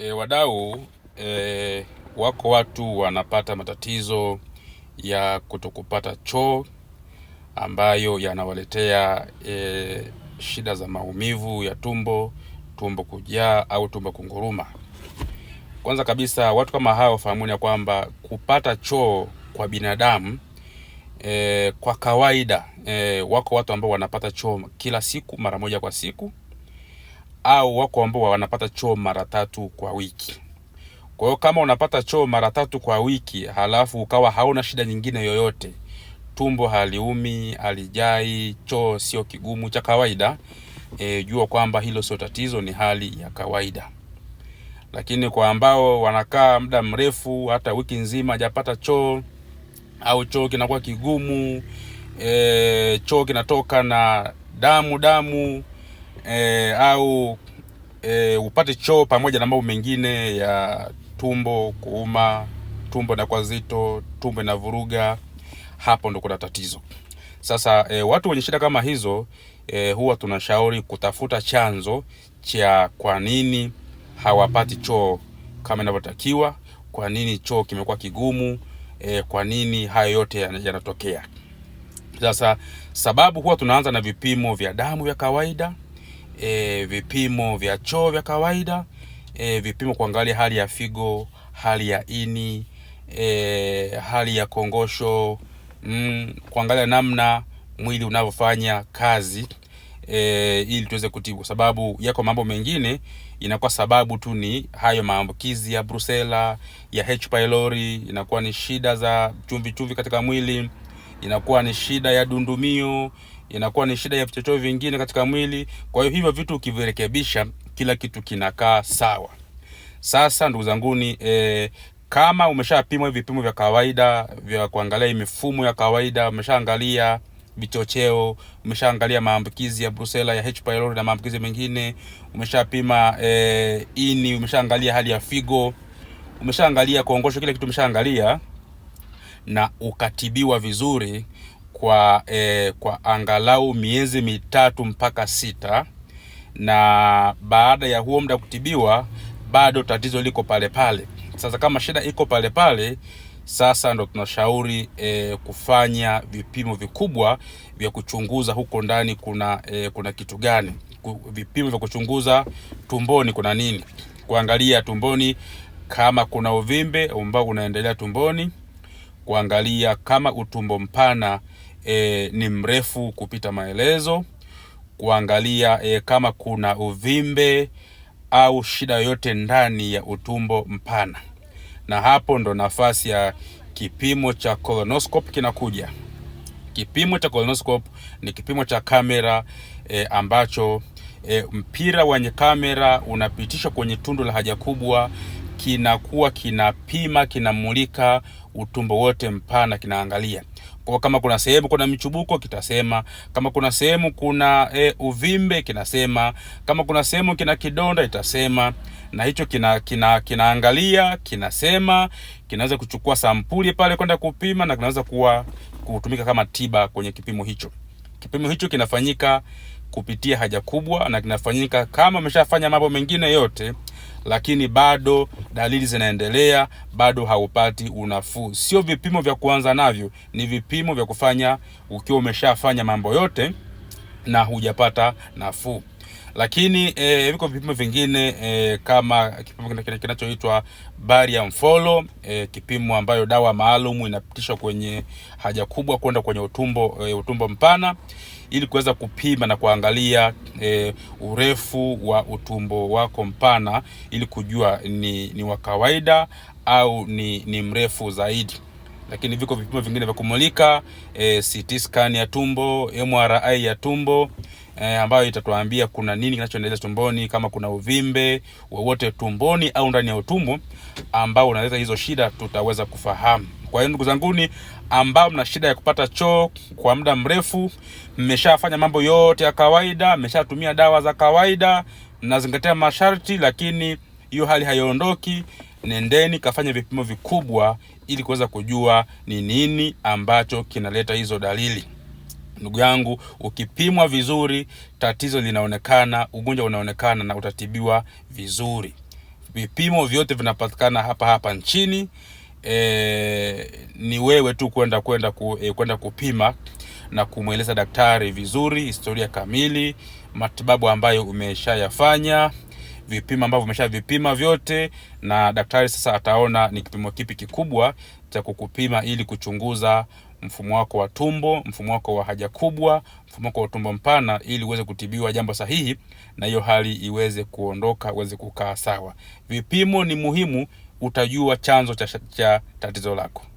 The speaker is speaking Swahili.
e, wadau e, wako watu wanapata matatizo ya kutokupata choo ambayo yanawaletea e, shida za maumivu ya tumbo, tumbo kujaa au tumbo kunguruma. Kwanza kabisa watu kama hao fahamuni ya kwamba kupata choo kwa binadamu e, kwa kawaida e, wako watu ambao wanapata choo kila siku mara moja kwa siku au wako ambao wanapata choo mara tatu kwa wiki. Kwa hiyo kama unapata choo mara tatu kwa wiki halafu ukawa hauna shida nyingine yoyote, tumbo haliumi, halijai, choo sio kigumu cha kawaida, e, jua kwamba hilo sio tatizo, ni hali ya kawaida. Lakini kwa ambao wanakaa muda mrefu, hata wiki nzima hajapata choo au choo kinakuwa kigumu, e, choo kinatoka na damu damu e, au e, upate choo pamoja na mambo mengine ya tumbo kuuma, tumbo inakuwa zito, tumbo vuruga, hapo ndo kuna tatizo. Sasa e, watu wenye shida kama hizo e, huwa tunashauri kutafuta chanzo cha kwa nini hawapati choo kama inavyotakiwa, kwa nini choo kimekuwa kigumu e, kwa nini hayo yote yanatokea. Sasa sababu, huwa tunaanza na vipimo vya damu vya kawaida e, vipimo vya choo vya kawaida e, vipimo kuangalia hali ya figo, hali ya ini e, hali ya kongosho mm, kuangalia namna mwili unavyofanya kazi e, ili tuweze kutibu, kwa sababu yako mambo mengine inakuwa sababu tu ni hayo maambukizi ya Brusela ya H pylori, inakuwa ni shida za chumvi chumvi katika mwili, inakuwa ni shida ya dundumio inakuwa ni shida ya vichocheo vingine katika mwili. Kwa hiyo hivyo vitu ukivirekebisha, kila kitu kinakaa sawa. Sasa ndugu zanguni e, kama umeshapimwa hivi vipimo vya kawaida vya kuangalia mifumo ya kawaida, umeshaangalia vichocheo, umeshaangalia maambukizi ya Brusela ya H pylori na maambukizi mengine, umeshapima e, ini, umeshaangalia hali ya figo, umeshaangalia kongosho, kile kitu umeshaangalia na ukatibiwa vizuri, kwa, eh, kwa angalau miezi mitatu mpaka sita, na baada ya huo muda kutibiwa bado tatizo liko pale pale. Sasa kama shida iko pale pale, sasa ndo tunashauri eh, kufanya vipimo vikubwa vya kuchunguza huko ndani kuna, eh, kuna kitu gani, vipimo vya kuchunguza tumboni kuna nini, kuangalia tumboni kama kuna uvimbe ambao unaendelea tumboni, kuangalia kama utumbo mpana e, ni mrefu kupita maelezo, kuangalia e, kama kuna uvimbe au shida yoyote ndani ya utumbo mpana, na hapo ndo nafasi ya kipimo cha colonoscope kinakuja. Kipimo cha colonoscope ni kipimo cha kamera e, ambacho e, mpira wenye kamera unapitishwa kwenye tundu la haja kubwa kinakuwa kinapima, kinamulika utumbo wote mpana, kinaangalia kwa kama kuna sehemu kuna michubuko kitasema, kama kuna sehemu kuna e, uvimbe kinasema, kama kuna sehemu kina kidonda itasema, na hicho kina, kina kinaangalia kinasema, kinaweza kuchukua sampuli pale kwenda kupima na kinaweza kuwa kutumika kama tiba kwenye kipimo hicho. Kipimo hicho kinafanyika kupitia haja kubwa na kinafanyika kama ameshafanya mambo mengine yote lakini bado dalili zinaendelea, bado haupati unafuu. Sio vipimo vya kuanza navyo, ni vipimo vya kufanya ukiwa umeshafanya mambo yote na hujapata nafuu lakini e, viko vipimo vingine e, kama kipimo kinachoitwa barium follow e, eh, kipimo ambayo dawa maalum inapitishwa kwenye haja kubwa kwenda kwenye utumbo e, utumbo mpana ili kuweza kupima na kuangalia e, urefu wa utumbo wako mpana ili kujua ni, ni wa kawaida au ni, ni mrefu zaidi lakini viko vipimo vingine vya kumulika e, CT scan ya tumbo, MRI ya tumbo e, ambayo itatuambia kuna nini kinachoendelea tumboni, kama kuna uvimbe wowote tumboni au ndani ya utumbo ambao unaleta hizo shida, tutaweza kufahamu. Kwa hiyo ndugu zanguni, ambao mna shida ya kupata choo kwa muda mrefu, mmeshafanya mambo yote ya kawaida, mmeshatumia dawa za kawaida, mnazingatia masharti, lakini hiyo hali haiondoki, nendeni kafanya vipimo vikubwa ili kuweza kujua ni nini ambacho kinaleta hizo dalili. Ndugu yangu, ukipimwa vizuri, tatizo linaonekana, ugonjwa unaonekana na utatibiwa vizuri. Vipimo vyote vinapatikana hapa hapa nchini. E, ni wewe tu kwenda kwenda ku, e, kwenda kupima na kumweleza daktari vizuri historia kamili, matibabu ambayo umeshayafanya, vipimo ambavyo umeshavipima vyote, na daktari sasa ataona ni kipimo kipi kikubwa cha kukupima ili kuchunguza mfumo wako wa tumbo, mfumo wako wa haja kubwa, mfumo wako wa tumbo mpana, ili uweze kutibiwa jambo sahihi na hiyo hali iweze kuondoka, uweze kukaa sawa. Vipimo ni muhimu, utajua chanzo cha, cha tatizo lako.